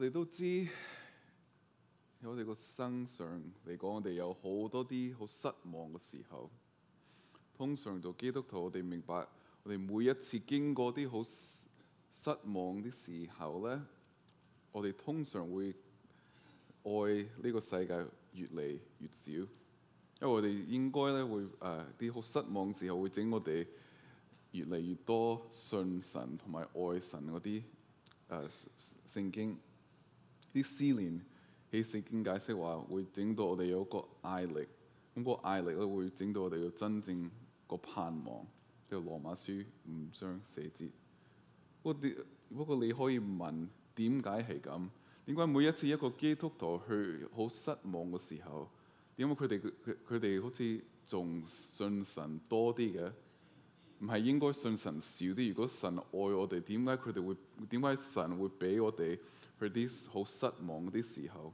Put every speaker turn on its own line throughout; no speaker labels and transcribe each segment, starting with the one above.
我哋都知，喺我哋個身上嚟講，我哋有好多啲好失望嘅時候。通常做基督徒，我哋明白，我哋每一次經過啲好失望嘅時候咧，我哋通常會愛呢個世界越嚟越少，因為我哋應該咧會誒啲好失望時候會整我哋越嚟越多信神同埋愛神嗰啲誒聖經。啲思念喺聖經解釋話會整到我哋有一個毅力，咁個毅力咧會整到我哋有真正個盼望。譬如羅馬書五章四節，不過你不過你可以問點解係咁？點解每一次一個基督徒去好失望嘅時候，點解佢哋佢佢哋好似仲信神多啲嘅？唔係應該信神少啲？如果神愛我哋，點解佢哋會點解神會俾我哋？佢啲好失望嗰啲時候，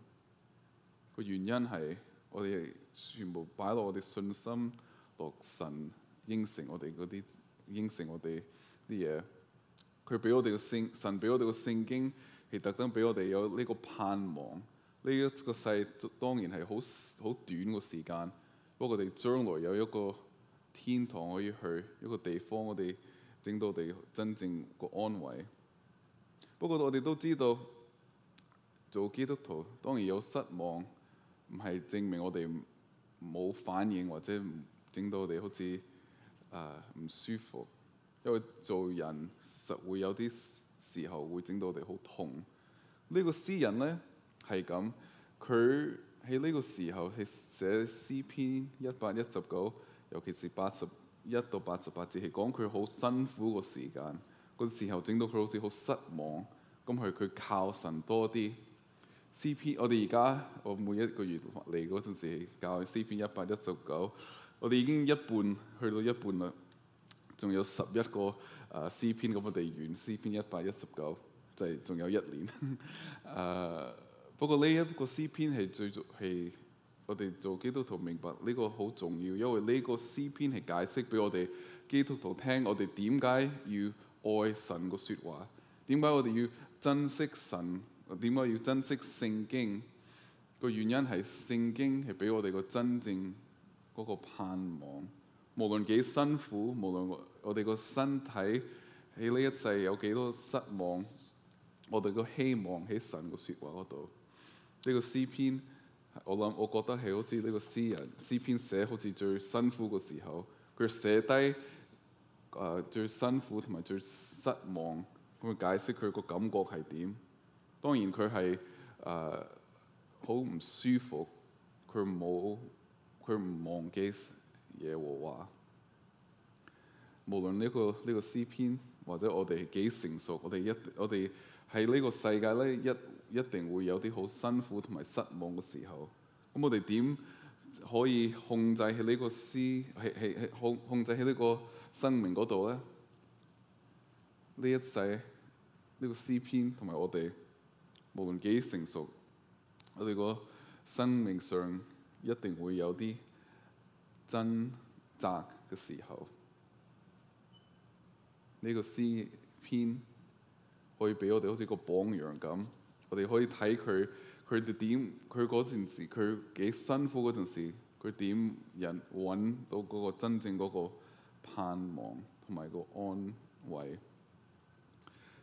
個原因係我哋全部擺落我哋信心落神應承我哋嗰啲應承我哋啲嘢，佢俾我哋個聖神、俾我哋個聖經係特登俾我哋有呢個盼望。呢、這、一個世當然係好好短個時間，不過我哋將來有一個天堂可以去一個地方我，我哋整到我哋真正個安慰。不過我哋都知道。做基督徒當然有失望，唔係證明我哋冇反應，或者整到我哋好似誒唔舒服。因為做人實會有啲時候會整到我哋好痛。呢個詩人呢，係咁，佢喺呢個時候係寫詩篇一百一十九，尤其是八十一到八十八節，係講佢好辛苦個時間。個時候整到佢好似好失望，咁係佢靠神多啲。詩篇，我哋而家我每一個月嚟嗰陣時教詩篇一百一十九，我哋已經一半去到一半啦，仲有十一個啊詩篇，咁我哋完詩篇一百一十九，呃、9, 就係仲有一年。誒、 啊，不過呢一個詩篇係最係我哋做基督徒明白呢個好重要，因為呢個詩篇係解釋俾我哋基督徒聽，我哋點解要愛神嘅説話，點解我哋要珍惜神。點解要珍惜聖經？個原因係聖經係俾我哋個真正嗰個盼望。無論幾辛苦，無論我我哋個身體喺呢一世有幾多失望，我哋個希望喺神個説話嗰度。呢個詩篇，我諗我覺得係好似呢個詩人詩篇寫好似最辛苦個時候，佢寫低誒最辛苦同埋最失望，咁解釋佢個感覺係點。當然佢係誒好唔舒服，佢冇佢唔忘記耶和華。無論呢個呢個詩篇，或者我哋幾成熟，我哋一我哋喺呢個世界咧，一一定會有啲好辛苦同埋失望嘅時候。咁我哋點可以控制喺呢個詩，係係控控制喺呢個生命嗰度咧？呢一世呢個詩篇同埋我哋。無論幾成熟，我哋個生命上一定會有啲掙扎嘅時候，呢個詩篇可以俾我哋好似個榜樣咁，我哋可以睇佢，佢哋點，佢嗰陣時，佢幾辛苦嗰陣時，佢點人揾到嗰個真正嗰個盼望同埋個安慰。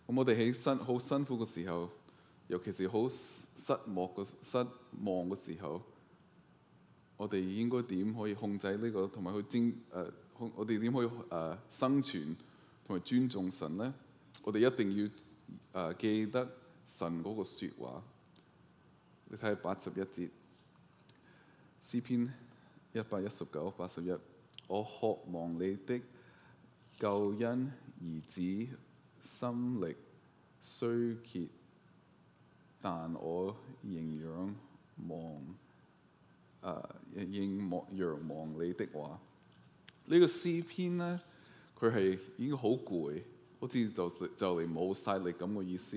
咁我哋喺辛好辛苦嘅時候。尤其是好失，失望嘅失望嘅時候，我哋應該點可以控制呢、這個同埋去尊誒、呃，我哋點可以誒、呃、生存同埋尊重神咧？我哋一定要誒、呃、記得神嗰個説話。你睇下八十一節詩篇一百一十九八十一，我渴望你的救恩以致心力衰竭。但我仍仰望，誒、呃，仍仰仰望你的話，呢、這個詩篇咧，佢係已經好攰，好似就就嚟冇晒力咁嘅意思。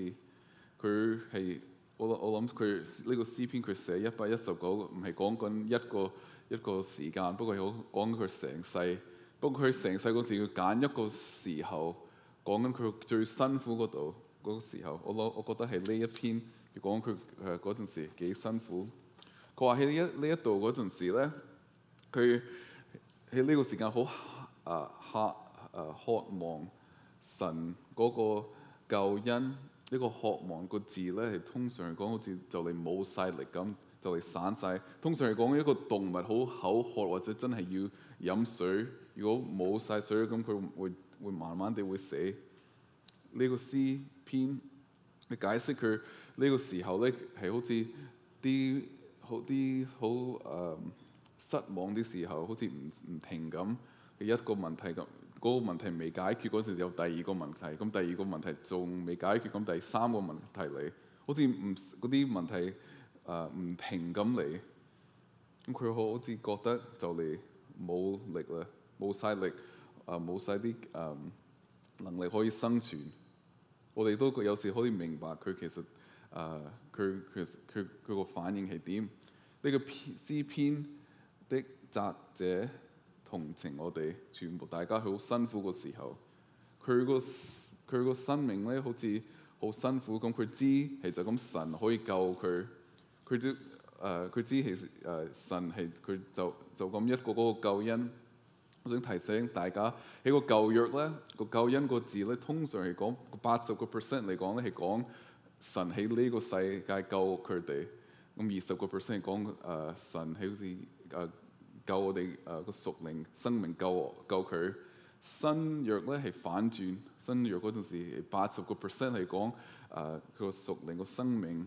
佢係，我我諗佢呢個詩篇個，佢寫一百一十九，唔係講緊一個一個時間，不過好講佢成世。不過佢成世嗰時，要揀一個時候講緊佢最辛苦嗰度嗰個時候。我諗，我覺得係呢一篇。講佢誒嗰陣時幾辛苦，佢話喺一呢一度嗰陣時咧，佢喺呢個時間好誒渴誒渴望神嗰、嗰個救恩。呢、呢個渴望個字咧，係通常嚟講好似就嚟冇晒力咁，就嚟散晒。通常嚟講，一個動物好口渴或者真係要飲水，如果冇晒水咁，佢會會慢慢地會死。呢、呢個詩篇。你解釋佢呢個時候咧係好似啲好啲好誒失望啲時候，好似唔唔停咁。你一個問題咁，嗰、嗰個問題未解決嗰時，有第二個問題。咁第二個問題仲未解決，咁第三個問題嚟，好似唔嗰啲問題誒唔、uh, 停咁嚟。咁佢好似覺得就嚟冇力啦，冇晒力啊，冇晒啲誒能力可以生存。我哋都有時可以明白佢其實，誒佢其實佢佢個反應係點？呢、呢個篇詩篇的作者同情我哋，全部大家佢好辛苦個時候，佢個佢個生命咧好似好辛苦，咁佢知係就咁神可以救佢，佢都誒佢知其實誒神係佢就就咁一個嗰個救恩。我想提醒大家喺個舊約咧，個救,呢救恩個字咧，通常係講八十個 percent 嚟講咧係講神喺呢個世界救佢哋，咁二十個 percent 係講誒神係好似誒救我哋誒個屬靈生命救救佢。新約咧係反轉，新約嗰陣時八十個 percent 係講佢個屬靈個生命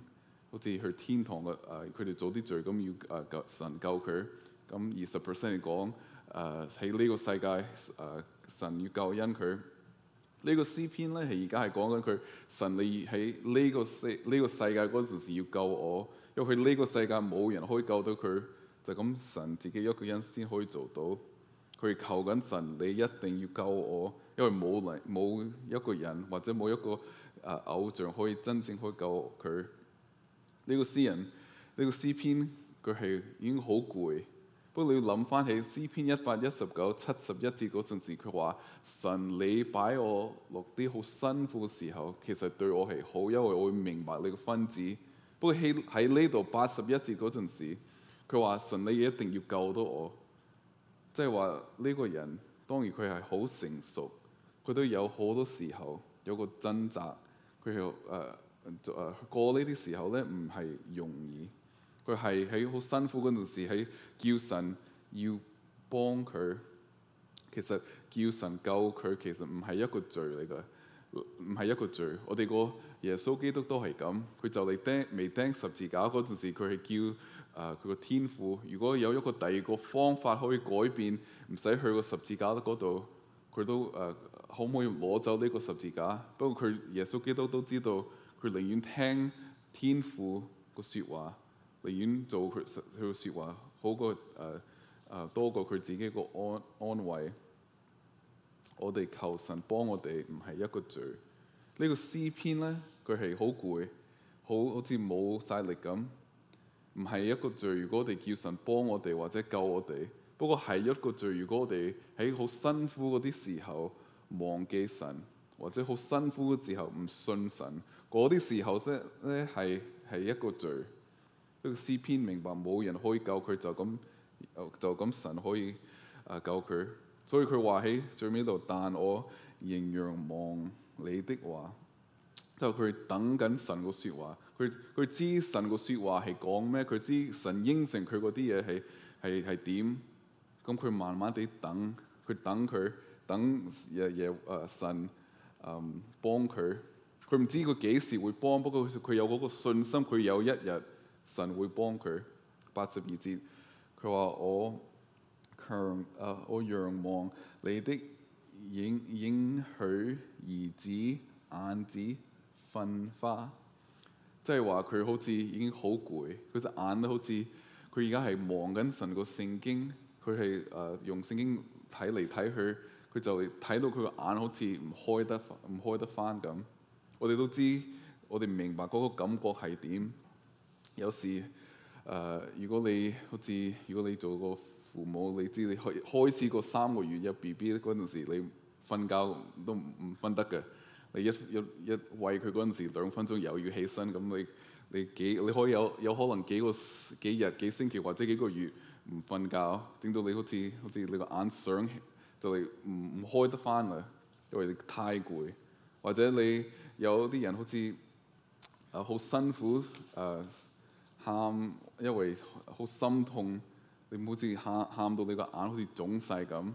好似去天堂嘅誒，佢、啊、哋做啲罪咁要誒救、啊、神救佢，咁二十 percent 係講。誒喺呢個世界，誒、uh, 神要救恩佢、這個、呢個詩篇咧，係而家係講緊佢神你喺呢、這個世呢、這個世界嗰陣時要救我，因為喺呢個世界冇人可以救到佢，就咁神自己一個人先可以做到。佢求緊神，你一定要救我，因為冇嚟冇一個人或者冇一個誒、uh, 偶像可以真正可以救佢。呢、這個詩人，呢、這個詩篇佢係已經好攰。不過你要諗翻起詩篇一百一十九七十一節嗰陣時，佢話：神你擺我落啲好辛苦嘅時候，其實對我係好，因為我會明白你嘅分子。不過喺喺呢度八十一節嗰陣時，佢話：神你一定要救到我。即係話呢個人當然佢係好成熟，佢都有好多時候有個掙扎，佢係誒誒過呢啲時候咧，唔係容易。佢係喺好辛苦嗰陣時，喺叫神要幫佢。其實叫神救佢，其實唔係一個罪嚟嘅，唔係一個罪。我哋個耶穌基督都係咁，佢就嚟釘未釘十字架嗰陣時，佢係叫誒佢個天父。如果有一個第二個方法可以改變，唔使去個十字架嗰度，佢都誒、呃、可唔可以攞走呢個十字架？不過佢耶穌基督都知道，佢寧願聽天父個説話。寧願做佢佢個說話，好過誒誒、呃、多過佢自己個安安慰。我哋求神幫我哋，唔係一個罪。呢、這個詩篇咧，佢係好攰，好好似冇晒力咁。唔係一個罪，如果我哋叫神幫我哋或者救我哋，不過係一個罪。如果我哋喺好辛苦嗰啲時候忘記神，或者好辛苦嘅時候唔信神，嗰啲時候咧咧係係一個罪。個詩篇明白冇人可以救佢，就咁就咁神可以啊救佢，所以佢話喺最尾度 但我仍然望你的話，就佢等緊神個說話，佢佢知神個說話係講咩，佢知神應承佢嗰啲嘢係係係點，咁佢慢慢地等，佢等佢等夜夜啊神嗯幫佢，佢唔知佢幾時會幫，不過佢有嗰個信心，佢有一日。神會幫佢。八十二節，佢話：我強啊！Uh, 我仰望你的影，應許兒子眼子瞓花，即係話佢好似已經好攰，佢隻眼都好似佢而家係望緊神個聖經，佢係誒用聖經睇嚟睇去，佢就睇到佢個眼好似唔開得唔開得翻咁。我哋都知，我哋唔明白嗰個感覺係點。有時誒、呃，如果你好似如果你做個父母，你知你開開始個三個月有 B B 嗰陣時，你瞓覺都唔瞓得嘅。你一一一喂佢嗰陣時，兩分鐘又要起身，咁你你幾你可以有有可能幾個幾日幾星期或者幾個月唔瞓覺，整到你好似好似你個眼想就嚟唔唔開得翻啦，因為你太攰，或者你有啲人好似誒好辛苦誒。呃喊，因為好心痛，你好似喊喊到你個眼好似腫晒咁。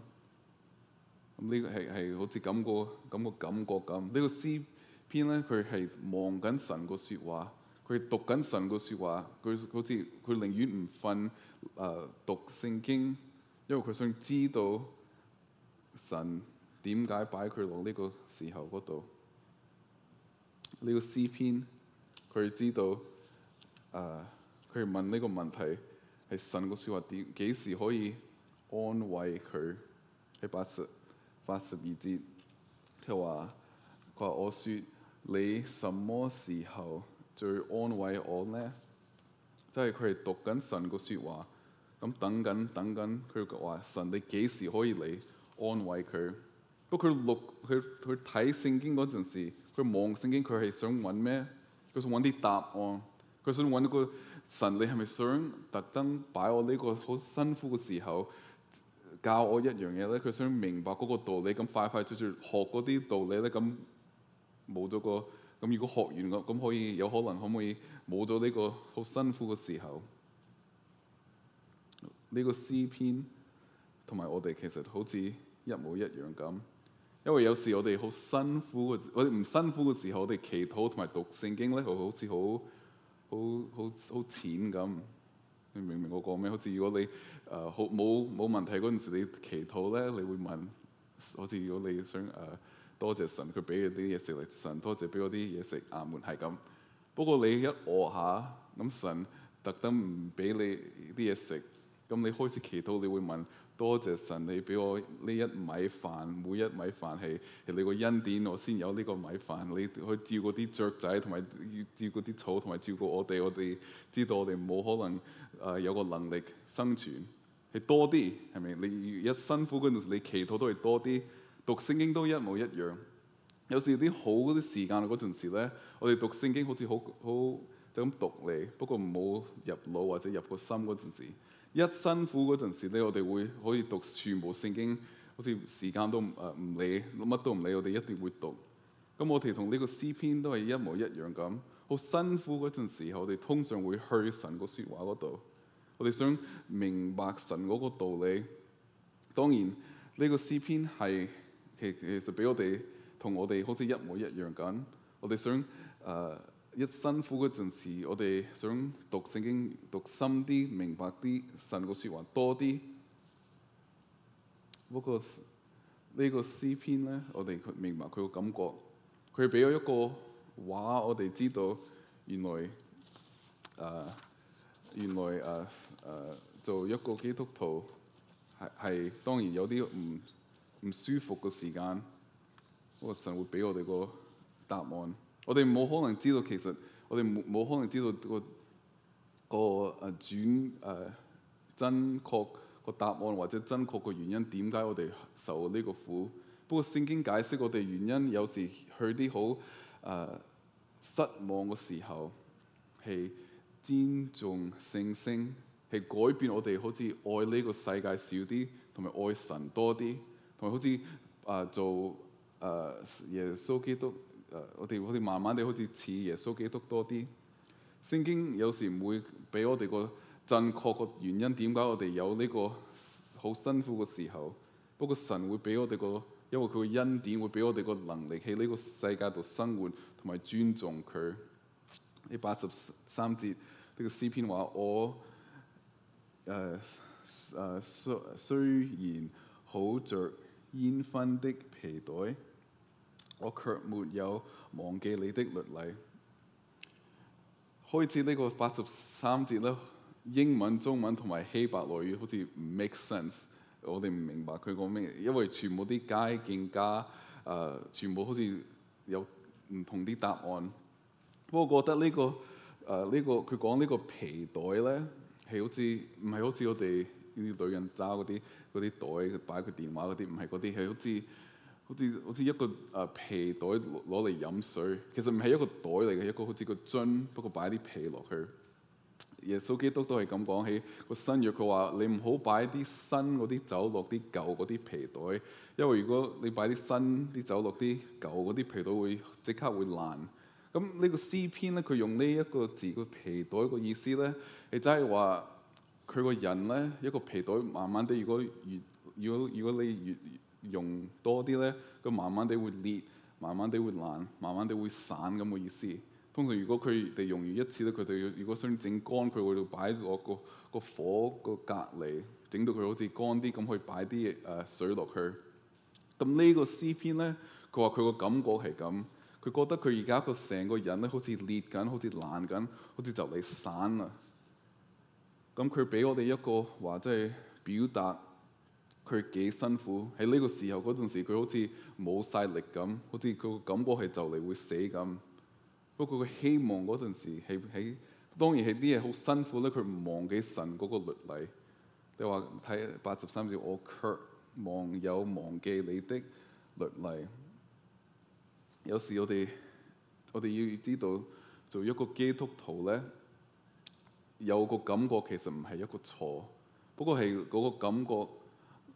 咁呢個係係好似咁個咁個感覺咁。呢個詩篇咧，佢係望緊神個說話，佢讀緊神個說話，佢好似佢寧願唔瞓誒讀聖經，因為佢想知道神點解擺佢落呢個時候嗰度。呢個詩篇，佢知道誒。呃佢問呢個問題係神個説話點幾時可以安慰佢？喺八十八十二節，佢話佢話：說我説你什麼時候最安慰我呢？即係佢係讀緊神個説話，咁等緊等緊。佢話神，你幾時可以嚟安慰佢？不過佢讀佢佢睇聖經嗰陣時，佢望聖經，佢係想揾咩？佢想揾啲答案，佢想揾個。神，你係咪想特登擺我呢個好辛苦嘅時候教我一樣嘢咧？佢想明白嗰個道理，咁快快脆脆學嗰啲道理咧，咁冇咗個咁。如果學完咁，咁可以有可能可唔可以冇咗呢個好辛苦嘅時候？呢個詩篇同埋我哋其實好似一模一樣咁，因為有時我哋好辛苦嘅，我哋唔辛苦嘅時候，我哋祈禱同埋讀聖經咧，好好似好。好好好淺咁，你明唔明我講咩？好似如果你誒、呃、好冇冇問題嗰陣時，你祈禱咧，你會問。好似如果你想誒、呃、多謝神，佢俾我啲嘢食，神多謝俾我啲嘢食。阿門係咁。不過你一餓一下，咁神特登唔俾你啲嘢食，咁你開始祈禱，你會問。多謝神，你俾我呢一米飯，每一米飯係係你個恩典，我先有呢個米飯。你去照顧啲雀仔，同埋照顧啲草，同埋照顧我哋。我哋知道我哋冇可能誒、呃、有個能力生存，係多啲係咪？你一辛苦嗰陣時，你祈禱都係多啲。讀聖經都一模一樣。有時啲好啲時間嗰陣時咧，我哋讀聖經好似好好。就咁讀你，不過唔好入腦或者入個心嗰陣時，一辛苦嗰陣時咧，我哋會可以讀全部聖經，好似時間都誒唔理，乜都唔理，我哋一定會讀。咁我哋同呢個詩篇都係一模一樣咁。好辛苦嗰陣時我哋通常會去神個説話嗰度，我哋想明白神嗰個道理。當然呢個詩篇係其其實俾我哋同我哋好似一模一樣咁。我哋想誒。Uh, 一辛苦嗰陣時，我哋想讀聖經讀深啲，明白啲神個説話多啲。不過、這個、詩呢個詩篇咧，我哋明白佢個感覺，佢俾咗一個話，我哋知道原來誒，原來誒誒、啊啊啊、做一個基督徒係係當然有啲唔唔舒服嘅時間，不過神會俾我哋個答案。我哋冇可能知道，其實我哋冇冇可能知道個個誒轉誒真確、啊、個答案，或者真確個原因點解我哋受呢個苦。不過聖經解釋我哋原因，有時去啲好誒失望嘅時候，係尊重聖聖，係改變我哋好似愛呢個世界少啲，同埋愛神多啲，同埋好似誒、啊、做誒、啊、耶穌基督。誒，我哋我哋慢慢哋好似似耶穌基督多啲。聖經有時唔會俾我哋個正確個原因，點解我哋有呢個好辛苦嘅時候。不過神會俾我哋個，因為佢嘅恩典會俾我哋個能力，喺呢個世界度生活同埋尊重佢。呢八十三節呢個詩篇話：我誒誒雖雖然好着煙燻的皮袋。我卻沒有忘記你的律例。開始個呢個八十三節咧，英文、中文同埋希伯來語好似唔 make sense，我哋唔明白佢講咩，因為全部啲解經家誒、呃，全部好似有唔同啲答案。不過覺得呢、呢個誒呢、呃呢個佢講呢個皮袋咧，係好似唔係好似我哋啲女人揸嗰啲啲袋，佢擺佢電話嗰啲，唔係嗰啲係好似。好似好似一個誒皮袋攞嚟飲水，其實唔係一個袋嚟嘅，一個好似個樽，不過擺啲皮落去。耶穌基督都係咁講起個新約，佢話你唔好擺啲新嗰啲酒落啲舊嗰啲皮袋，因為如果你擺啲新啲酒落啲舊嗰啲皮袋，會即刻會爛。咁呢個詩篇咧，佢用呢一個字個皮袋個意思咧，你真係話佢個人咧一個皮袋，慢慢啲。如果越如果如果你越，越，越，越用多啲咧，佢慢慢地會裂，慢慢地會爛，慢慢地會散咁嘅意思。通常如果佢哋用完一次咧，佢哋要如果想整乾，佢會要擺個個個火個隔籬，整到佢好似乾啲，咁可以擺啲誒水落去。咁、嗯這個、呢個詩篇咧，佢話佢個感覺係咁，佢覺得佢而家個成個人咧好似裂緊，好似爛緊，好似就嚟散啊。咁佢俾我哋一個話，即係表達。佢幾辛苦喺呢個時候嗰陣時，佢好似冇晒力咁，好似個感覺係就嚟會死咁。不過佢希望嗰陣時喺喺，當然係啲嘢好辛苦咧。佢唔忘記神嗰個律例。你話睇八十三節，我卻忘有忘記你的律例。有時我哋我哋要知道，做一個基督徒咧，有個感覺其實唔係一個錯，不過係嗰個感覺。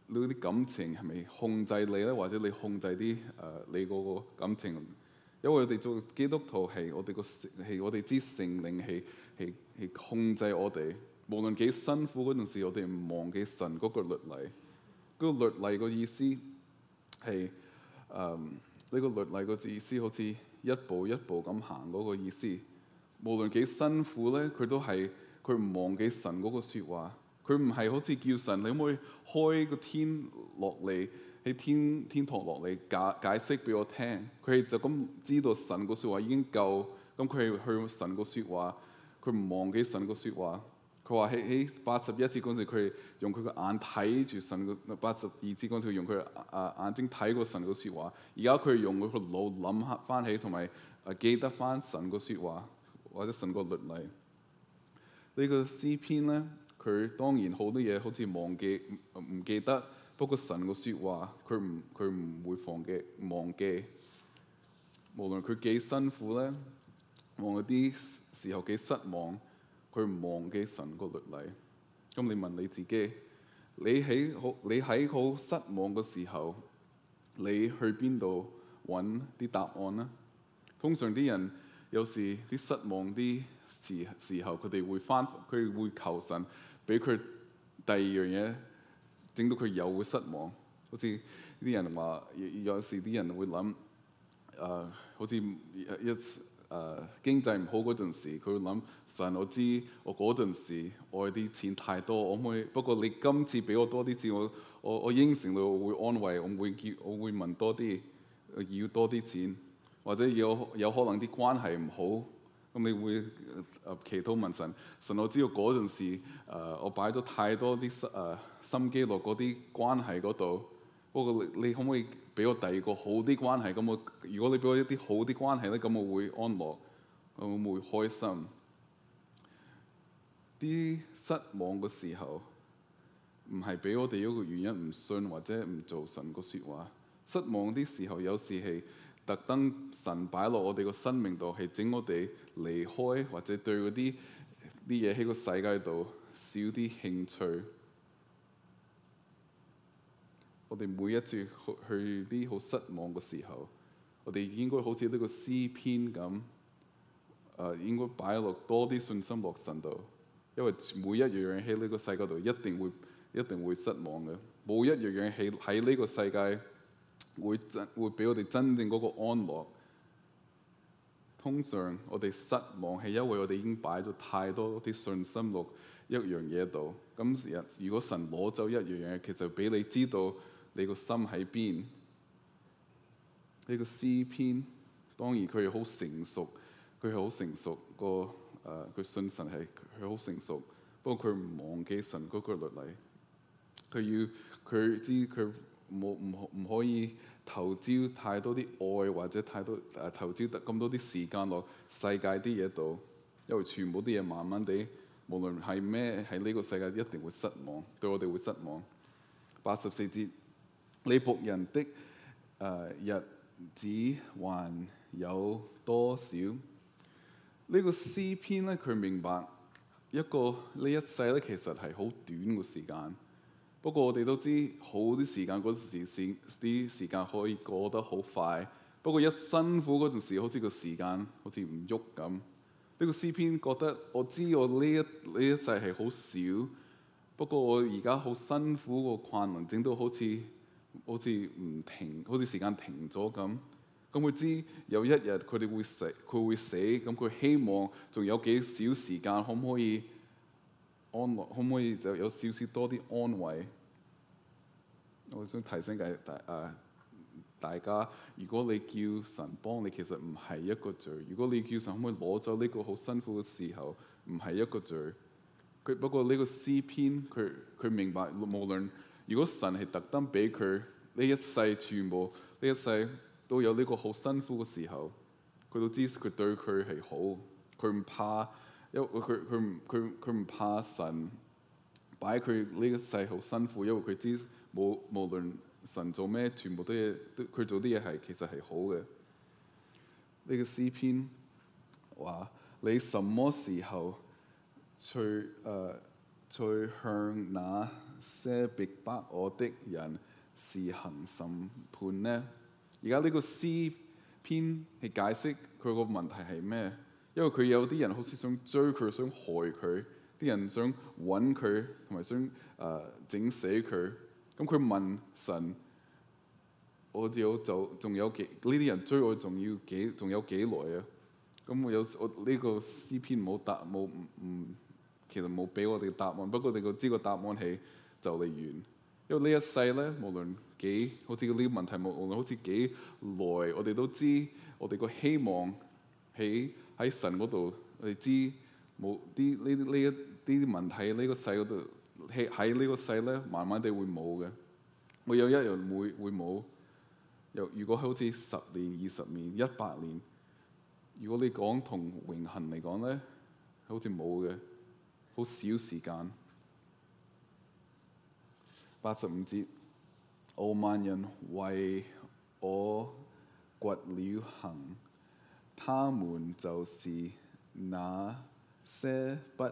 嗰啲感情係咪控制你咧？或者你控制啲誒你個感情？因為我哋做基督徒係我哋個係我哋啲聖靈係係係控制我哋。無論幾辛苦嗰陣時，我哋唔忘記神嗰個律例。嗰個律例個意思係，誒呢個律例個意思好似一步一步咁行嗰個意思。無論幾辛苦咧，佢都係佢唔忘記神嗰個説話。佢唔係好似叫神，你可唔可以開個天落嚟喺天天堂落嚟解解釋俾我聽？佢就咁知道神個説話已經夠，咁佢去神個説話，佢唔忘記神個説話。佢話喺喺八十一節嗰陣，佢用佢個眼睇住神個八十二節嗰陣，佢用佢嘅眼睛睇過神個説話。而家佢用佢個腦諗翻起，同埋啊記得翻神個説話或者神個律例、這個、呢個詩篇咧。佢當然好多嘢好似忘記唔，呃、記得，不過神個説話佢唔佢唔會忘記忘記。無論佢幾辛苦咧，無論啲時候幾失望，佢唔忘記神個律例。咁你問你自己，你喺好你喺好失望個時候，你去邊度揾啲答案咧？通常啲人有時啲失望啲時時候，佢哋會翻佢會求神。俾佢第二樣嘢，整到佢又會失望。好似啲人話，有有時啲人會諗，誒、呃、好似一誒、呃、經濟唔好嗰陣時，佢會諗，神，我知我嗰陣時愛啲錢太多，我唔會。不過你今次俾我多啲錢，我我我應承到我會安慰，我會叫，我會問多啲要多啲錢，或者有有可能啲關係唔好。咁你會啊祈禱問神，神，我知道嗰陣時、呃，我擺咗太多啲心誒、呃、心機落嗰啲關係嗰度。不過，你你可唔可以俾我第二個好啲關係？咁我如果你俾我一啲好啲關係咧，咁我會安樂，我會開心。啲失望嘅時候，唔係俾我哋嗰個原因唔信或者唔做神個說話。失望啲時候有時係。特登神擺落我哋個生命度，係整我哋離開或者對嗰啲啲嘢喺個世界度少啲興趣。我哋每一次去啲好失望嘅時候，我哋應該好似呢個詩篇咁，誒、呃、應該擺落多啲信心落神度，因為每一樣嘢喺呢個世界度一定會一定會失望嘅，冇一樣嘢喺喺呢個世界，會真會俾我哋真正嗰個安樂。通常我哋失望係因為我哋已經擺咗太多啲信心落一樣嘢度。咁時日如果神攞走一樣嘢，其實俾你知道你個心喺邊。呢個詩篇當然佢好成熟，佢好成熟個誒，佢、呃、信神係佢好成熟，不過佢唔忘記神嗰個律例。佢要佢知佢。冇唔可唔可以投資太多啲愛，或者太多誒，投資得咁多啲時間落世界啲嘢度，因為全部啲嘢慢慢地，無論係咩喺呢個世界，一定會失望，對我哋會失望。八十四節，你僕人的誒、呃、日子還有多少？這個、詩呢個詩篇咧，佢明白一個呢一世咧，其實係好短個時間。不過我哋都知，好啲時間嗰陣時啲時間可以過得好快。不過一辛苦嗰陣時，好似個時間好似唔喐咁。呢個詩篇覺得，我知我呢一呢一世係好少。不過我而家好辛苦個困難，整到好似好似唔停，好似時間停咗咁。咁佢知有一日佢哋會死，佢會死。咁佢希望仲有幾少時間，可唔可以？安慰可唔可以就有少少多啲安慰？我想提醒大大誒大家，如果你叫神幫你，其實唔係一個罪；如果你叫神可唔可以攞走呢個好辛苦嘅時候，唔係一個罪。佢不過呢個詩篇，佢佢明白無論如果神係特登俾佢呢一世全部，呢一世都有呢個好辛苦嘅時候，佢都知佢對佢係好，佢唔怕。因為佢佢唔佢佢唔怕神擺佢呢個世好辛苦，因為佢知無無論神做咩，全部都嘢都佢做啲嘢係其實係好嘅。呢個詩篇話：你什麼時候去誒最, uh, 最向那些逼迫我的人施行審判呢？而家呢個詩篇係解釋佢個問題係咩？因為佢有啲人好似想追佢，想害佢，啲人想搵佢，同埋想誒整死佢。咁佢問神：我有就仲有幾呢啲人追我，仲要幾仲有幾耐啊？咁我有我呢個詩篇冇答冇唔唔，其實冇俾我哋答案。不過我哋個知個答案係就嚟完。因為呢一世咧，無論幾好似呢啲問題，無論好似幾耐，我哋都知我哋個希望喺。喺神嗰度，我哋知冇啲呢呢一啲問題，呢個世嗰度喺喺呢個世咧，慢慢地會冇嘅。會有一樣會會冇。又如果好似十年、二十年、一百年，如果你講同永恆嚟講咧，好似冇嘅，好少時間。八十五節，傲慢人為我掘了坑。他們就是那些不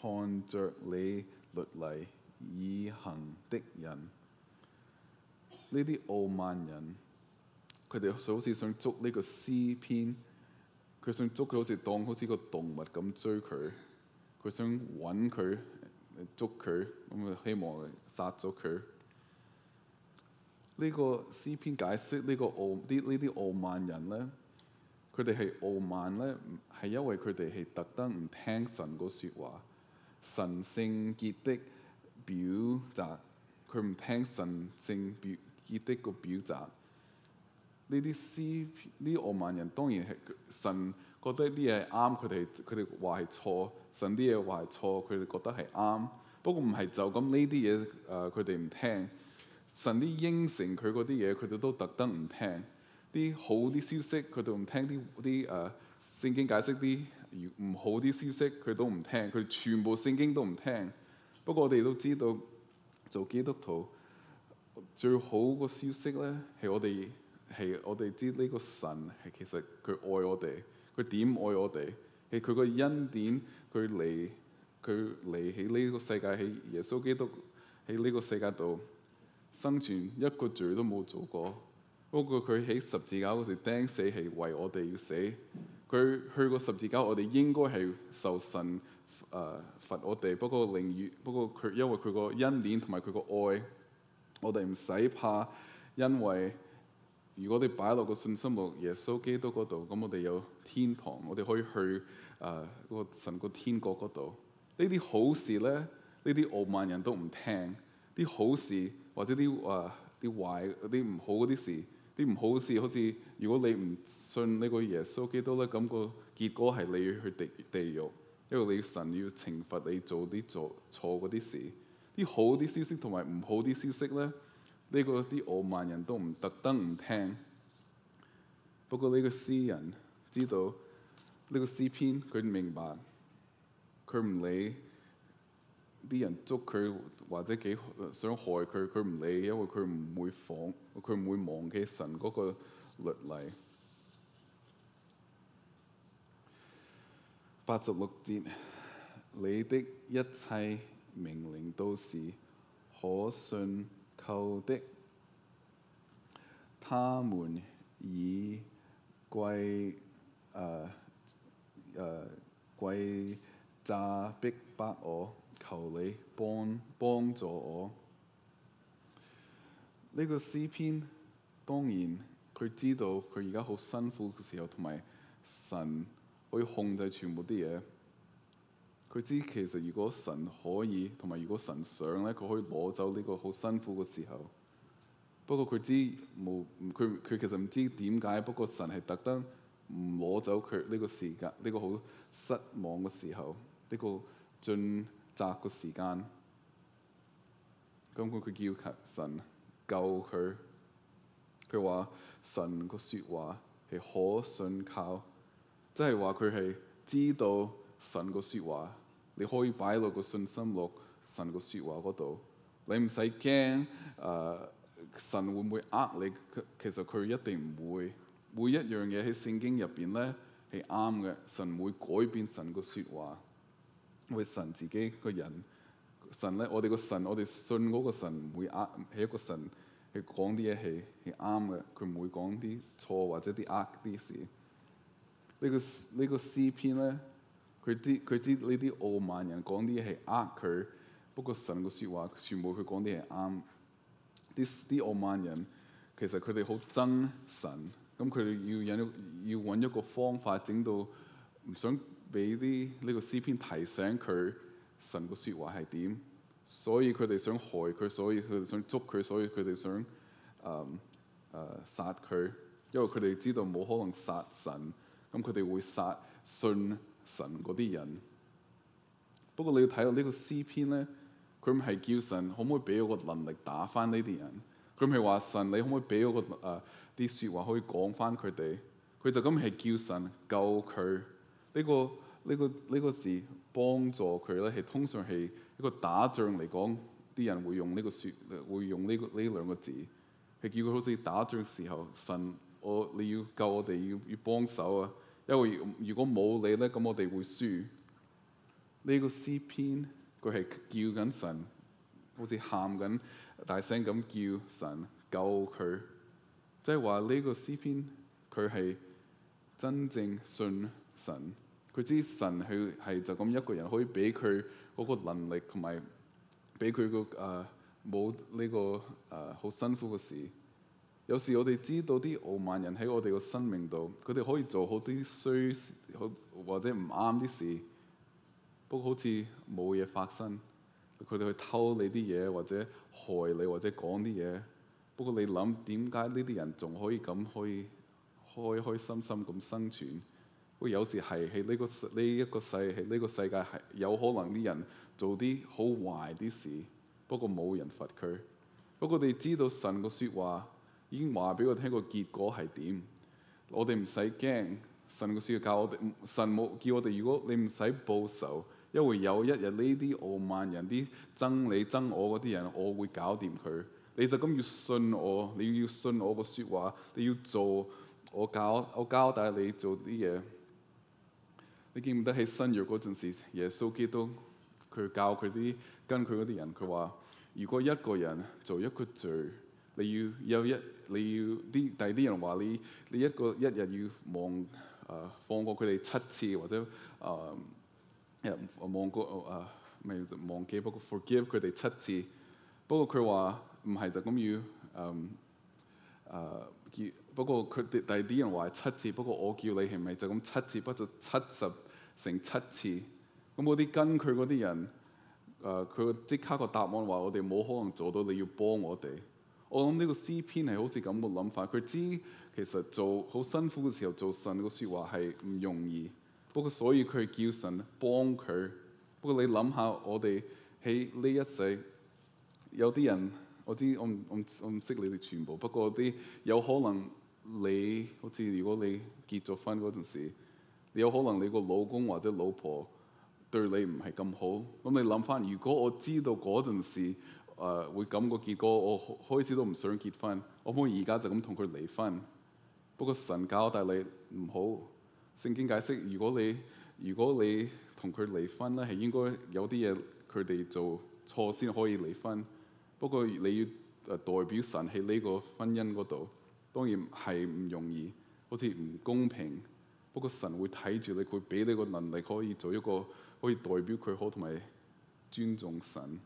看著你律例以行的人，呢啲傲慢人，佢哋好似想捉呢個詩篇，佢想捉佢，好似當好似個動物咁追佢，佢想揾佢捉佢，咁啊希望殺咗佢。呢個詩篇解釋呢個傲啲呢啲傲慢人咧。佢哋係傲慢咧，係因為佢哋係特登唔聽神個説話，神聖潔的表達，佢唔聽神聖潔的個表達。呢啲私呢啲傲慢人當然係神覺得啲嘢係啱，佢哋佢哋話係錯，神啲嘢話係錯，佢哋覺得係啱。不過唔係就咁，呢啲嘢誒佢哋唔聽，神啲應承佢嗰啲嘢，佢哋都特登唔聽。啲好啲消息佢都唔聽啲啲誒聖經解釋啲唔好啲消息佢都唔聽佢全部聖經都唔聽不過我哋都知道做基督徒最好個消息咧係我哋係我哋知呢個神係其實佢愛我哋佢點愛我哋係佢個恩典佢嚟佢嚟喺呢個世界喺耶穌基督喺呢個世界度生存一個罪都冇做過。不過佢喺十字架嗰時釘死係為我哋要死。佢去過十字架，我哋應該係受神誒罰、呃、我哋。不過寧願不過佢因為佢個恩典同埋佢個愛，我哋唔使怕。因為如果你擺落個信心落耶穌基督嗰度，咁我哋有天堂，我哋可以去誒嗰、呃、神個天國嗰度。呢啲好事咧，呢啲傲慢人都唔聽。啲好事或者啲誒啲壞啲唔好嗰啲事。啲唔好事，好似如果你唔信呢個耶穌基督咧，咁個結果係你要去地地獄，因為你神要懲罰你做啲做錯嗰啲事。啲好啲消息同埋唔好啲消息咧，呢個啲傲慢人都唔特登唔聽。不過呢個詩人知道呢個詩篇，佢唔明白佢唔理。啲人捉佢，或者幾想害佢，佢唔理，因為佢唔會忘，佢唔會忘記神嗰個律例。八十六節， 你的一切命令都是可信靠的，他們以詭誒誒詭詐逼迫我。求你幫幫助我呢個詩篇。當然佢知道佢而家好辛苦嘅時候，同埋神可以控制全部啲嘢。佢知其實如果神可以，同埋如果神想咧，佢可以攞走呢個好辛苦嘅時候。不過佢知冇佢佢其實唔知點解。不過神係特登唔攞走佢呢個時間，呢個好失望嘅時候，呢個進。揸個時間，咁佢佢叫神救佢。佢話神個説話係可信靠，即係話佢係知道神個説話，你可以擺落個信心落神個説話嗰度，你唔使驚，誒神會唔會呃你？其實佢一定唔會，每一樣嘢喺聖經入邊咧係啱嘅。神會改變神個説話。喂神自己個人神咧，我哋個神，我哋信嗰個神唔會呃，係一個神係講啲嘢係係啱嘅，佢唔會講啲錯或者啲呃啲事。這個這個、呢個呢個詩篇咧，佢知佢知呢啲傲慢人講啲嘢係呃佢，不過神個説話全部佢講啲係啱。啲啲傲慢人其實佢哋好憎神，咁佢哋要引要揾一個方法整到唔想。俾啲呢個詩篇提醒佢神個説話係點，所以佢哋想害佢，所以佢哋想捉佢，所以佢哋想誒誒殺佢，因為佢哋知道冇可能殺神，咁佢哋會殺信神嗰啲人。不過你要睇到呢個詩篇咧，佢唔係叫神，可唔可以俾我個能力打翻呢啲人？佢唔係話神，你可唔可以俾我個誒啲説話可以講翻佢哋？佢就咁係叫神救佢。呢個呢個呢個字幫助佢咧，係通常係一個打仗嚟講，啲人會用呢個說，會用呢個呢兩個字，係叫佢好似打仗時候，神我你要救我哋，要要幫手啊！因為如果冇你咧，咁我哋會輸。呢個詩篇佢係叫緊神，好似喊緊，大聲咁叫神救佢，即係話呢個詩篇佢係真正信神。佢知神係係就咁一個人，可以俾佢嗰個能力，同埋俾佢個誒冇呢個誒好、呃、辛苦嘅事。有時我哋知道啲傲慢人喺我哋個生命度，佢哋可以做好啲衰，好或者唔啱啲事。不過好似冇嘢發生，佢哋去偷你啲嘢，或者害你，或者講啲嘢。不過你諗點解呢啲人仲可以咁可以開開心心咁生存？會有時係喺呢個呢一個世係呢、這個這個世界係有可能啲人做啲好壞啲事，不過冇人罰佢。不過我哋知道神個説話已經話俾我聽，個結果係點。我哋唔使驚，神個説話教我哋，神冇叫我哋。如果你唔使報仇，因為有一日呢啲傲慢人、啲憎你憎我嗰啲人，我會搞掂佢。你就咁要信我，你要信我個説話，你要做我交我交代你做啲嘢。你記唔得起新約嗰陣時，耶穌基督佢教佢啲跟佢嗰啲人，佢話如果一個人做一個罪，你要有一你要啲，第啲人話你你一個一日要望、呃呃，啊放過佢哋七次或者啊唔忘過啊咪忘記，不過 forgive 佢哋七次，不過佢話唔係就咁要嗯啊、呃，不過佢哋第啲人話七次，不過我叫你係咪就咁七次，不過就七十？成七次，咁嗰啲跟佢嗰啲人，誒、呃，佢即刻個答案話：我哋冇可能做到，你要幫我哋。我諗呢個詩篇係好似咁個諗法，佢知其實做好辛苦嘅時候做神個説話係唔容易。不過所以佢叫神幫佢。不過你諗下我，我哋喺呢一世有啲人，我知我我我唔識你哋全部，不過啲有，有可能你，好似如果你結咗婚嗰陣時。你有可能你個老公或者老婆對你唔係咁好，咁你諗返，如果我知道嗰陣時誒、呃、會咁個結果，我開始都唔想結婚，我可唔可以而家就咁同佢離婚？不過神教帶你唔好，聖經解釋，如果你如果你同佢離婚咧，係應該有啲嘢佢哋做錯先可以離婚。不過你要誒代表神喺呢個婚姻嗰度，當然係唔容易，好似唔公平。嗰個神會睇住你，佢俾你個能力可以做一個，可以代表佢好同埋尊重神。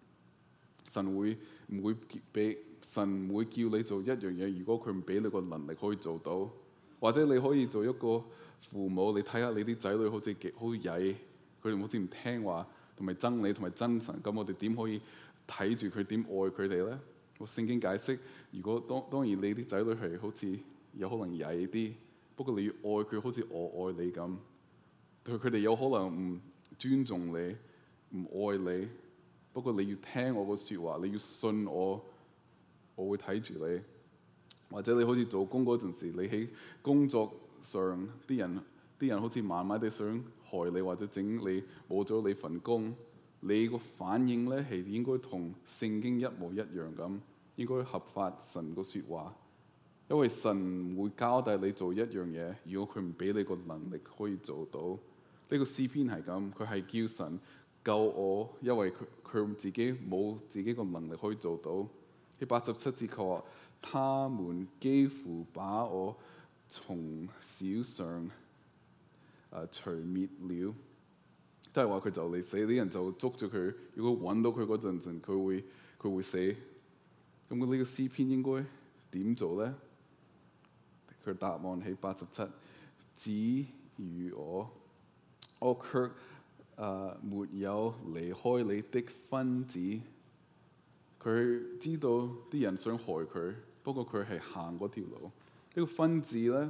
神會唔會俾神會叫你做一樣嘢？如果佢唔俾你個能力可以做到，或者你可以做一個父母，你睇下你啲仔女好似極好曳，佢哋好似唔聽話同埋憎你同埋憎神，咁我哋點可以睇住佢點愛佢哋咧？我聖經解釋，如果當當然你啲仔女係好似有可能曳啲。不過你要愛佢，好似我愛你咁。對佢哋有可能唔尊重你，唔愛你。不過你要聽我個說話，你要信我，我會睇住你。或者你好似做工嗰陣時，你喺工作上啲人，啲人好似慢慢地想害你，或者整你冇咗你份工。你個反應咧係應該同聖經一模一樣咁，應該合法神個說話。因為神會交代你做一樣嘢，如果佢唔俾你個能力可以做到，呢、這個詩篇係咁，佢係叫神救我，因為佢佢自己冇自己個能力可以做到。喺八十七節佢話，他們幾乎把我從世上誒、啊、除滅了，即係話佢就嚟死，啲人就捉住佢，如果搵到佢嗰陣陣，佢會佢會死。咁呢個詩篇應該點做咧？佢答案係八十七，只如我，我、哦、卻，誒、呃，沒有離開你的分子。佢知道啲人想害佢，不過佢係行嗰條路。呢、這個分子咧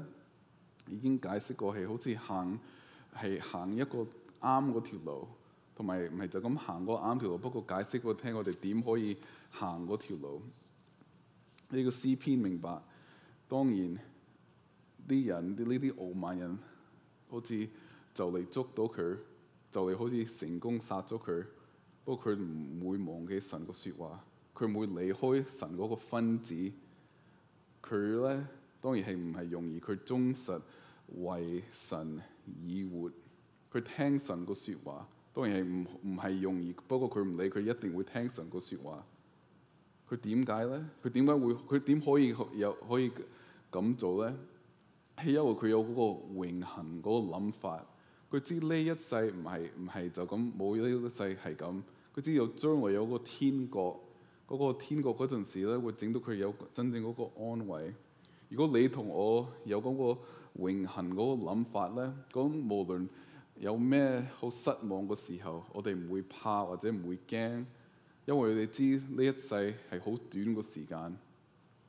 已經解釋過係好似行係行一個啱嗰條路，同埋唔係就咁行個啱條路。不過解釋過聽我哋點可以行嗰條路。呢、這個詩篇明白，當然。啲人啲呢啲傲慢人，好似就嚟捉到佢，就嚟好似成功殺咗佢。不過佢唔會忘記神個說話，佢唔會離開神嗰個分子。佢咧當然係唔係容易，佢忠實為神而活。佢聽神個說話，當然係唔唔係容易。不過佢唔理，佢一定會聽神個說話，佢點解咧？佢點解會，佢點可以有可以咁做咧？係因為佢有嗰個永恆嗰個諗法，佢知呢一世唔係唔係就咁，冇呢一世係咁，佢知有將來有個天國，嗰個天國嗰陣時咧會整到佢有真正嗰個安慰。如果你同我有嗰個永恆嗰個諗法咧，咁無論有咩好失望嘅時候，我哋唔會怕或者唔會驚，因為你知呢一世係好短嘅時間。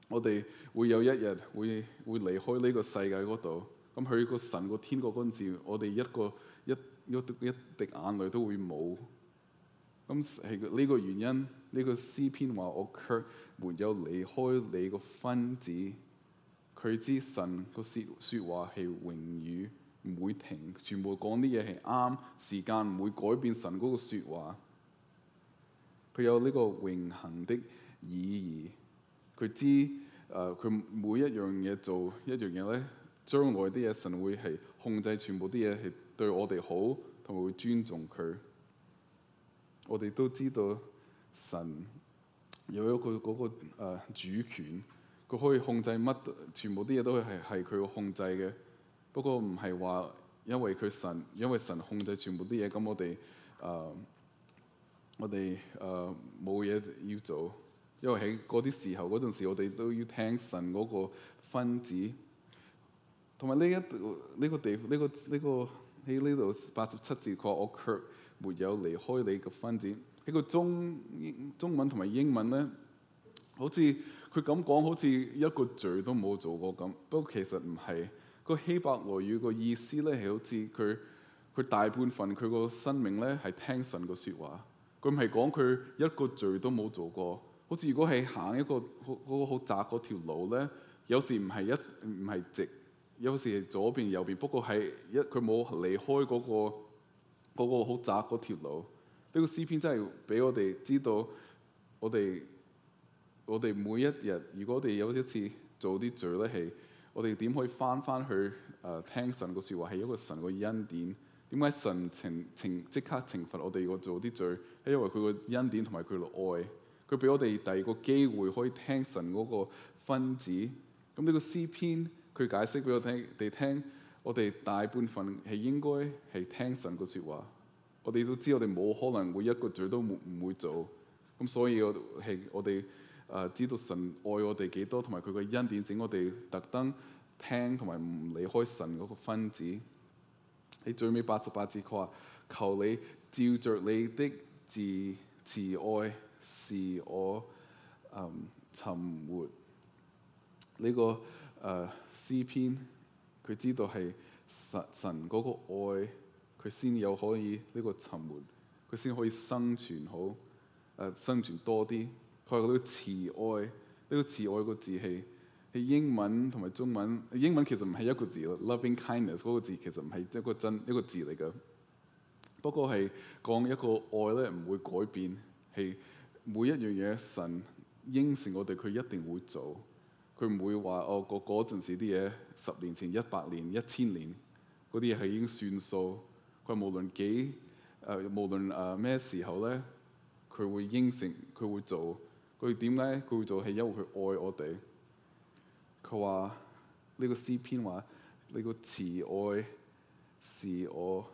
我哋會有一日會會離開呢個世界嗰度，咁去個神個天國嗰陣時，我哋一個一一一滴眼淚都會冇。咁係呢個原因，呢個詩篇話我卻沒有離開你個分子。佢知神個説説話係永遠，唔會停，全部講啲嘢係啱，時間唔會改變神嗰個説話。佢有呢個永恆的意義。佢知誒，佢每一樣嘢做一樣嘢咧，將來啲嘢神會係控制全部啲嘢，係對我哋好，同埋會尊重佢。我哋都知道神有一、那個嗰個、呃、主權，佢可以控制乜，全部啲嘢都係係佢控制嘅。不過唔係話因為佢神，因為神控制全部啲嘢，咁我哋誒、呃、我哋誒冇嘢要做。因為喺嗰啲時候嗰陣時，我哋都要聽神嗰個分子，同埋呢一個呢個地呢個呢個喺呢度八十七字句，我卻沒有離開你個分子。喺個中英中文同埋英文咧，好似佢咁講，好似一個罪都冇做過咁。不過其實唔係，這個希伯來語個意思咧係好似佢佢大半份佢個生命咧係聽神個説話。佢唔係講佢一個罪都冇做過。好似如果係行一個嗰、嗰個好窄嗰條路咧，有時唔係一唔係直，有時係左邊右邊。不過係一佢冇離開嗰、嗰個、嗰個好窄嗰條路。呢、呢個詩篇真係俾我哋知道，我哋我哋每一日，如果我哋有一次做啲罪咧，係我哋點可以返返去誒、呃、聽神個說話，係一個神個恩典。點解神懲懲即刻懲罰我哋個做啲罪？係因為佢個恩典同埋佢個愛。佢俾我哋第二個機會，可以聽神嗰個勳旨。咁呢個詩篇，佢解釋俾我聽哋聽，我哋大半份係應該係聽神個説話。我哋都知，我哋冇可能會一個字都唔會做。咁所以我，我係我哋誒知道神愛我哋幾多，同埋佢個恩典，整我哋特登聽同埋唔離開神嗰個勳旨。喺最尾八十八字，佢話：求你照着你的慈慈愛。是我嗯存活呢、這個誒詩、呃、篇，佢知道係神神嗰個愛，佢先有可以呢個沉活，佢先可以生存好誒、呃、生存多啲。佢話呢個慈愛，呢、這個慈愛個字係係英文同埋中文，英文其實唔係一個字 loving kindness 嗰、那個字其實唔係一個真一個字嚟嘅，不過係講一個愛咧唔會改變係。每一樣嘢，神應承我哋，佢一定會做。佢唔會話哦，嗰嗰陣時啲嘢，十年前、一百年、一千年，嗰啲嘢係已經算數。佢無論幾誒、呃，無論誒咩時候咧，佢會應承，佢會做。佢點解佢會做？係因為佢愛我哋。佢話呢個詩篇話：呢、呢個慈愛是我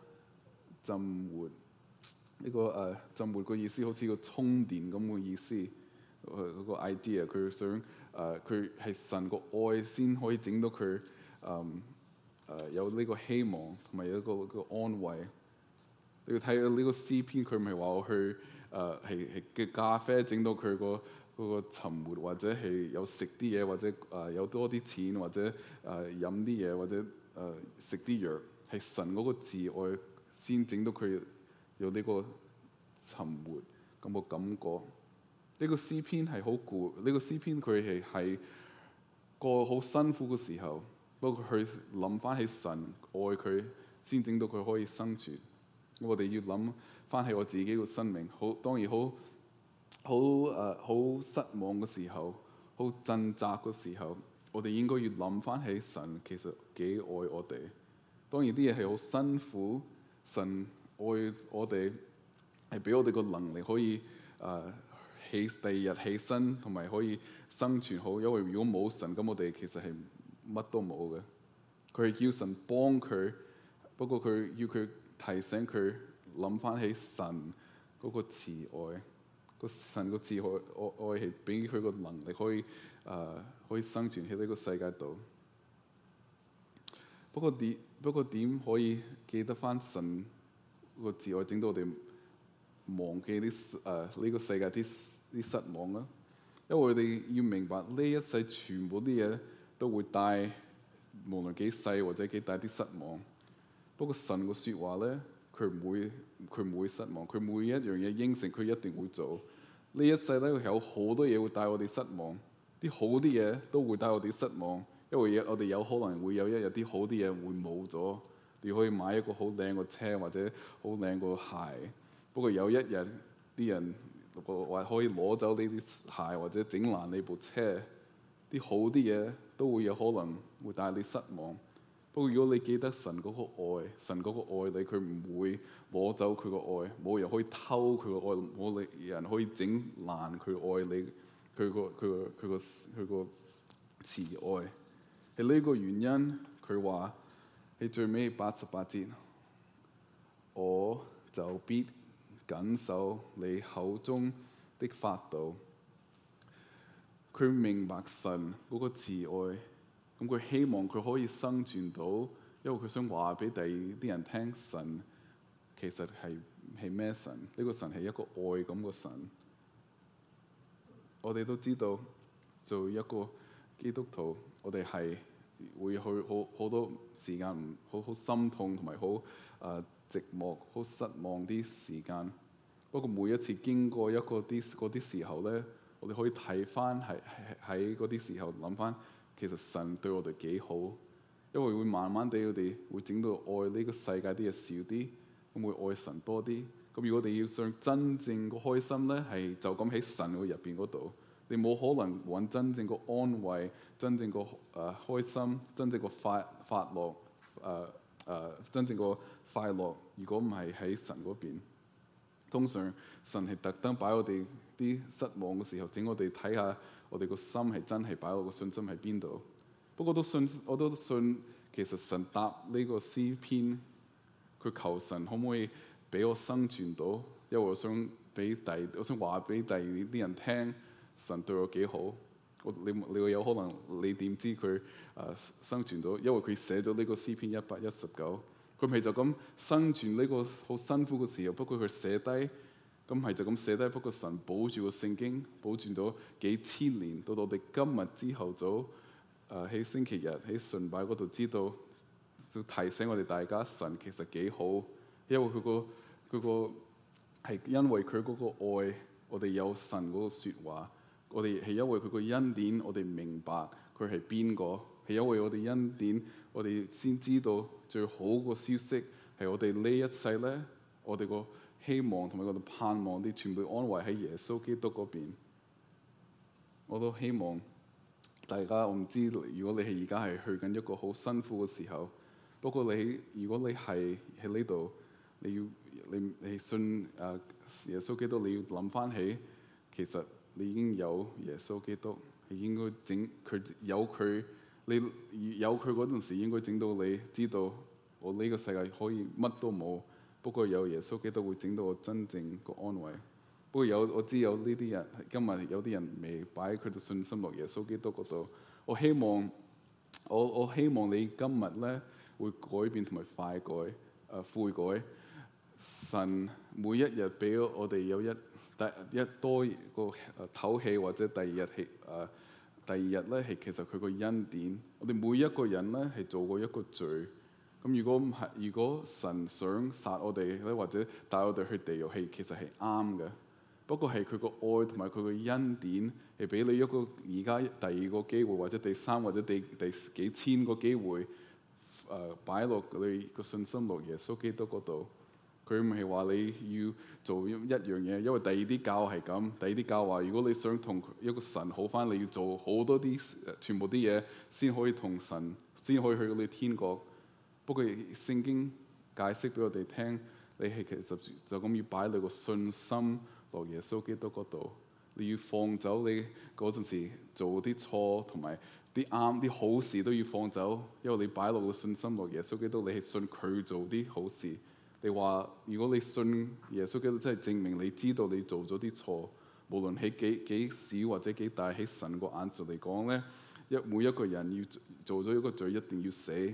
浸活。呢、這個誒、啊、浸活意個意思，好似個充電咁嘅意思，嗰個 idea，佢想誒佢係神個愛先可以整到佢誒誒有呢個希望同埋有一個一個安慰。你要睇呢個詩篇，佢唔係話我去誒係係嘅咖啡整到佢，那個嗰個沉活，或者係有食啲嘢，或者誒、呃、有多啲錢，或者誒飲啲嘢，或者誒食啲藥，係、呃、神嗰個慈愛先整到佢。有呢個沉沒咁個感覺，呢、這個詩篇係好攰。呢、這個詩篇佢係喺過好辛苦嘅時候，不過去諗翻起神愛佢，先整到佢可以生存。我哋要諗翻起我自己個生命，好當然好好誒好失望嘅時候，好掙扎嘅時候，我哋應該要諗翻起神其實幾愛我哋。當然啲嘢係好辛苦，神。我我哋係俾我哋個能力可以誒、呃、起第二日起身，同埋可以生存好。因為如果冇神咁，我哋其實係乜都冇嘅。佢係叫神幫佢，不過佢要佢提醒佢諗翻起神嗰個慈愛，個神個慈愛愛係俾佢個能力可以誒、呃、可以生存喺呢個世界度。不過點不過點可以記得翻神？個自我整到我哋忘記啲誒呢個世界啲啲失望啦，因為我哋要明白呢一世全部啲嘢都會帶，無論幾細或者幾大啲失望。不過神嘅説話咧，佢唔會佢唔會失望，佢每一樣嘢應承，佢一定會做。呢一世都有好多嘢會帶我哋失望，啲好啲嘢都會帶我哋失望，因為我哋有可能會有一日啲好啲嘢會冇咗。你可以買一個好靚個車或者好靚個鞋，不過有一日啲人話可以攞走呢啲鞋或者整爛你部車，啲好啲嘢都會有可能會帶你失望。不過如果你記得神嗰個愛，神嗰個愛你，佢唔會攞走佢個愛，冇人可以偷佢個愛，冇人可以整爛佢愛你，佢個佢個佢個佢個慈愛。係呢個原因，佢話。你最尾八十八節，我就必緊守你口中的法度。佢明白神嗰個慈愛，咁佢希望佢可以生存到，因為佢想話俾第二啲人聽，神其實係係咩神？呢個神係一個愛咁嘅神。我哋都知道，做一個基督徒，我哋係。會去好好多時間，好好心痛同埋好誒寂寞、好失望啲時間。不過每一次經過一個啲啲時候咧，我哋可以睇翻係喺嗰啲時候諗翻，其實神對我哋幾好，因為會慢慢地我哋會整到愛呢個世界啲嘢少啲，咁會愛神多啲。咁如果我哋要想真正嘅開心咧，係就咁喺神嘅入邊嗰度。你冇可能揾真正個安慰、真正個誒、呃、開心、真正個快快樂，誒、誒真正個快樂，如果唔係喺神嗰邊。通常神係特登擺我哋啲失望嘅時候，整我哋睇下我哋個心係真係擺我個信心喺邊度。不過都信我都信，其實神答呢個詩篇，佢求神可唔可以俾我生存到？因為我想俾第我想話俾第二啲人聽。神對我幾好？我你你會有可能你點知佢誒、呃、生存到？因為佢寫咗呢個詩篇一百一十九，佢咪就咁生存呢個好辛苦嘅時候。寫不過佢寫低，咁咪就咁寫低。不過神保住個聖經，保住咗幾千年，到到我哋今日之後早誒喺、呃、星期日喺崇拜嗰度知道，就提醒我哋大家神其實幾好，因為佢個佢個係因為佢嗰個愛，我哋有神嗰個説話。我哋係因為佢個恩典，我哋明白佢係邊個；係因為我哋恩典，我哋先知道最好個消息係我哋呢一世咧。我哋個希望同埋我哋盼望啲全部安慰喺耶穌基督嗰邊。我都希望大家，我唔知如果你係而家係去緊一個好辛苦嘅時候，不過你如果你係喺呢度，你要你你信啊耶穌基督，你要諗翻起其實。你已經有耶穌基督，係應該整佢有佢，你有佢嗰陣時應該整到你知道，我呢個世界可以乜都冇，不過有耶穌基督會整到我真正個安慰。不過有，我知有呢啲人，今日有啲人未擺佢嘅信心落耶穌基督嗰度，我希望我我希望你今日咧會改變同埋快改誒、呃、悔改。神每一日俾我哋有一。一多一個唞、呃、氣，或者第二日氣，誒、呃、第二日咧係其實佢個恩典。我哋每一個人咧係做過一個罪，咁如果唔係，如果神想殺我哋咧，或者帶我哋去地獄去，其實係啱嘅。不過係佢個愛同埋佢個恩典，係俾你一個而家第二個機會，或者第三或者第第幾千個機會，誒、呃、擺落你啲個信心裏耶穌基督嗰度。佢唔係話你要做一一樣嘢，因為第二啲教係咁，第二啲教話如果你想同一個神好返，你要做好多啲，全部啲嘢先可以同神，先可以去到你天國。不過聖經解釋俾我哋聽，你係其實就咁要擺你個信心落耶穌基督嗰度，你要放走你嗰陣時做啲錯同埋啲啱啲好事都要放走，因為你擺落個信心落耶穌基督，你係信佢做啲好事。你話：如果你信耶穌基督，真係證明你知道你做咗啲錯，無論喺幾幾少或者幾大，喺神個眼度嚟講咧，一每一個人要做咗一個罪一定要死。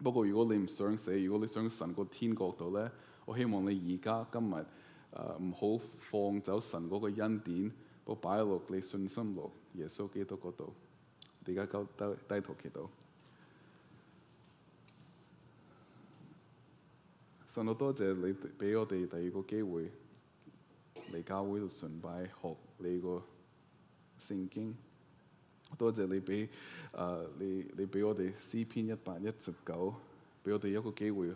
不過如果你唔想死，如果你想神個天角度咧，我希望你而家今日誒唔好放走神嗰個恩典，我擺落你信心路耶穌基督嗰度。而家低低低頭祈禱。多謝，謝你俾我哋第二個機會嚟教會度崇拜、學你個聖經。多謝你俾誒、呃、你你俾我哋詩篇一百一十九，俾我哋一個機會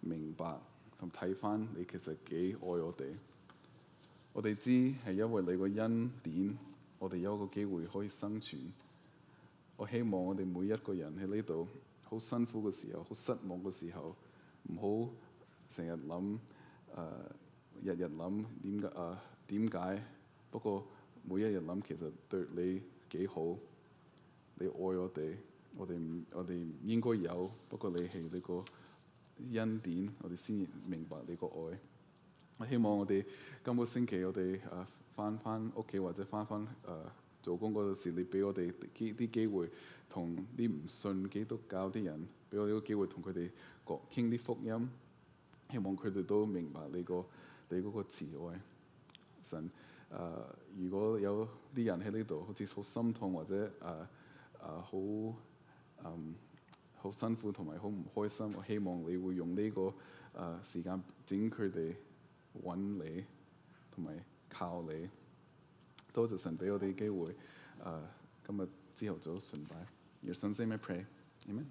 明白同睇返你其實幾愛我哋。我哋知係因為你個恩典，我哋有一個機會可以生存。我希望我哋每一個人喺呢度好辛苦嘅時候、好失望嘅時候，唔好～成日諗，誒日日諗點解誒點解？不過每一日諗，其實對你幾好。你愛我哋，我哋唔我哋應該有。不過你係你個恩典，我哋先明白你個愛。我希望我哋今個星期我哋誒返返屋企或者返返誒做工嗰陣時，你俾我哋啲啲機會，同啲唔信基督教啲人，俾我個機會同佢哋講傾啲福音。希望佢哋都明白你，你個你嗰個慈愛，神誒、呃、如果有啲人喺呢度好似好心痛或者誒誒好嗯好辛苦同埋好唔開心，我希望你會用呢、這個誒、呃、時間整佢哋揾你同埋靠你。多謝神俾我哋機會誒、呃，今日之後早晨崇拜。Your sons may pray, a m